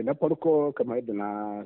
Eh, na farko kamar yadda na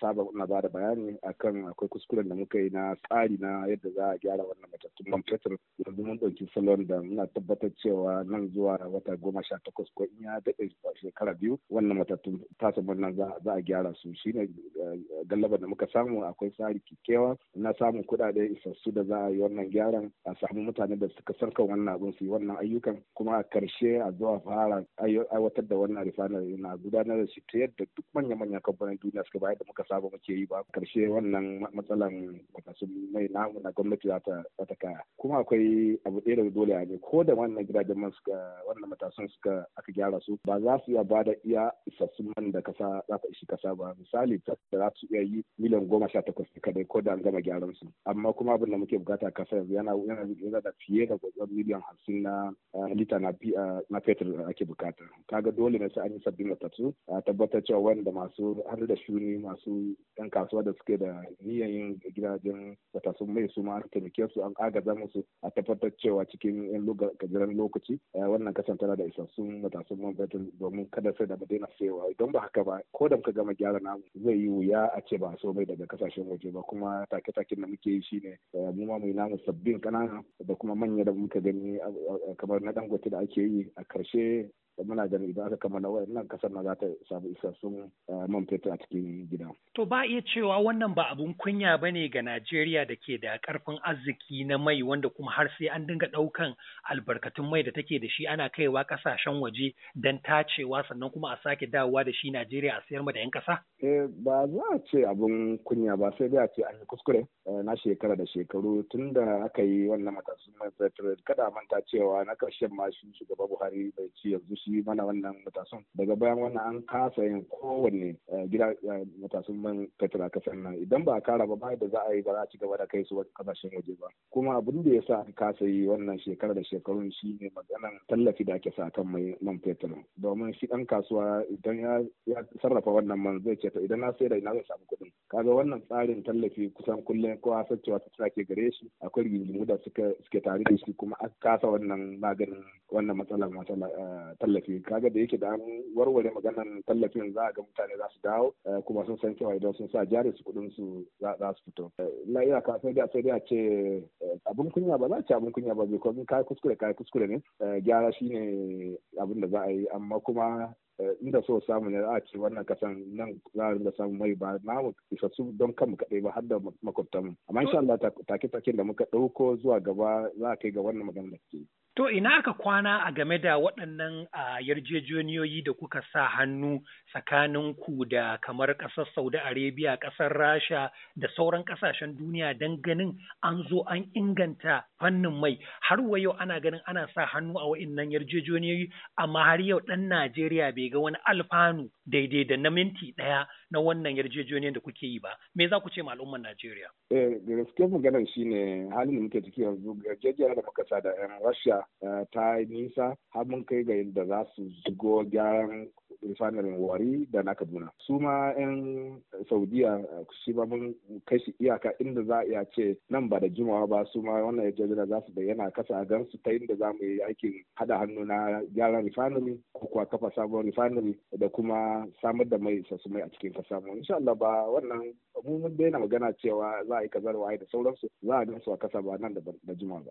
saba na ba da bayani akan akwai kuskuren da muka yi na tsari na yadda za a gyara wannan matattun man fetur yanzu mun ɗauki salon da muna tabbatar cewa nan zuwa wata goma sha takwas ko in ya daɗe shekara biyu wannan matattun tasamin nan za a gyara su shine eh, gallaba da muka samu akwai tsari kikewa na samun kuɗaɗe isassu da za a yi wannan gyaran a samu mutane da suka san kan wannan abin su yi wannan ayyukan kuma a karshe a zuwa fara aiwatar da wannan rifanar na gudanar da shi yadda duk manya-manyan kamfanin duniya suka bayar da muka saba muke yi ba karshe wannan matsalan matasun mai namu na gwamnati za ta kaya kuma akwai abu ɗaya da dole a ne ko da wannan gidajen man suka wannan matasan suka aka gyara su ba za su iya ba da iya isassun man da kasa za ta ishi kasa ba misali da za su iya yi miliyan goma sha takwas kadai ko da an gama gyaran su amma kuma abin da muke bukata kasa yanzu yana yana da fiye da miliyan hamsin na eh, lita na eh, fetur ake bukata kaga dole ne sai an yi sabbin matatu a tabbatar tabbatar wanda masu har da shuni masu yan kasuwa da suke da niyan yin gidajen matasun mai su ma an taimake su an agaza musu a tabbatar cewa cikin yan gajeren lokaci eh, wannan kasan tana da isassun matasun man fetur domin kada sai da mu daina sayewa idan ba haka ba ko da muka gama gyara namu zai yi wuya a ce ba so mai daga kasashen waje ba kuma take-taken da muke yi shine eh, mu ma mu namu sabbin kanana da kuma manya da muka gani eh, kamar na dangote da ake yi a karshe muna ganin idan aka kammala wayannan kasar na za ta samu isassun eh, man fetur a cikin gida. To ba iya cewa wannan ba abun kunya ba ne ga Najeriya da ke da karfin arziki na mai wanda kuma har sai an dinga ɗaukan albarkatun mai da take da shi ana kaiwa ƙasashen waje don tacewa sannan kuma a sake dawowa da shi Najeriya a sayar ma da 'yan ƙasa? Eh ba za a ce abun kunya ba sai dai a ce an yi kuskure eh, na shekara da shekaru tun da aka yi wannan matasun man fetur kada manta cewa na ƙarshen ma shi shugaba Buhari bai ci yanzu mana wannan matasan daga bayan wannan an kasa yin kowanne eh, gida eh, matasan man fetur a kasar nan idan ba a kara ba ba da za a yi ba za a ci gaba da kai su kasashen waje ba kuma abin da ya sa aka kasa yi wannan shekara da shekarun shi ne maganan tallafi da ake sa kan mai man fetur domin shi dan kasuwa idan ya sarrafa wannan man zai ce to idan na sai da ina zai samu kuɗin kaga wannan tsarin tallafi kusan kullum kowa san cewa ta ke gare shi akwai rigingimu da suke tare da shi kuma aka kasa wannan maganin wannan matsalar matsalar eh, tallafi kaga da yake da an warware maganan tallafin za a ga mutane za su dawo eh, kuma sun san cewa idan sun sa jari su kudin su za su fito eh, na iya ka sai da sai da ce eh, abin kunya ba za a ce abin kunya ba because kai kuskure kai kuskure ne gyara shine abin da za a yi amma kuma inda so samu ne za a ce wannan kasan nan za a rinda samu mai ba na mu isassu don kanmu kaɗai ba har da makwabtanmu amma insha Allah take-taken da muka ɗauko zuwa gaba za a kai ga wannan magana da ke. To ina aka kwana a game da waɗannan yarjejeniyoyi da kuka sa hannu tsakanin ku da kamar ƙasar Saudi Arabia, ƙasar Rasha da sauran ƙasashen duniya don ganin an zo an inganta fannin mai har wa yau ana ganin ana sa hannu a waɗannan yarjejeniyoyi amma har yau ɗan Najeriya bai ga wani alfanu daidai da na minti ɗaya na wannan yarjejeniyoyin da kuke yi ba. Me za ku ce ma al'ummar Najeriya? Eh, gaskiyar maganar shine halin da muke ciki yanzu yarjejeniyar da muka sa da 'yan Rasha Eh, ta nisa har mun kai ga yadda za su shigo gyaran refinery wari da na kaduna su ma 'yan saudiya eh, shi ba mun kai iyaka inda za a iya ce nan ba da jimawa ba su ma wannan ya jajira za su bayyana kasa a gan su ta inda za mu yi aikin hada hannu na gyaran rifanari ko kuwa kafa sabon refinery da kuma samar da mai su mai a cikin kasa mu insha Allah ba wannan mun daina magana cewa za a yi kazarwa da sauransu za a gan a kasa ba nan da jimawa ba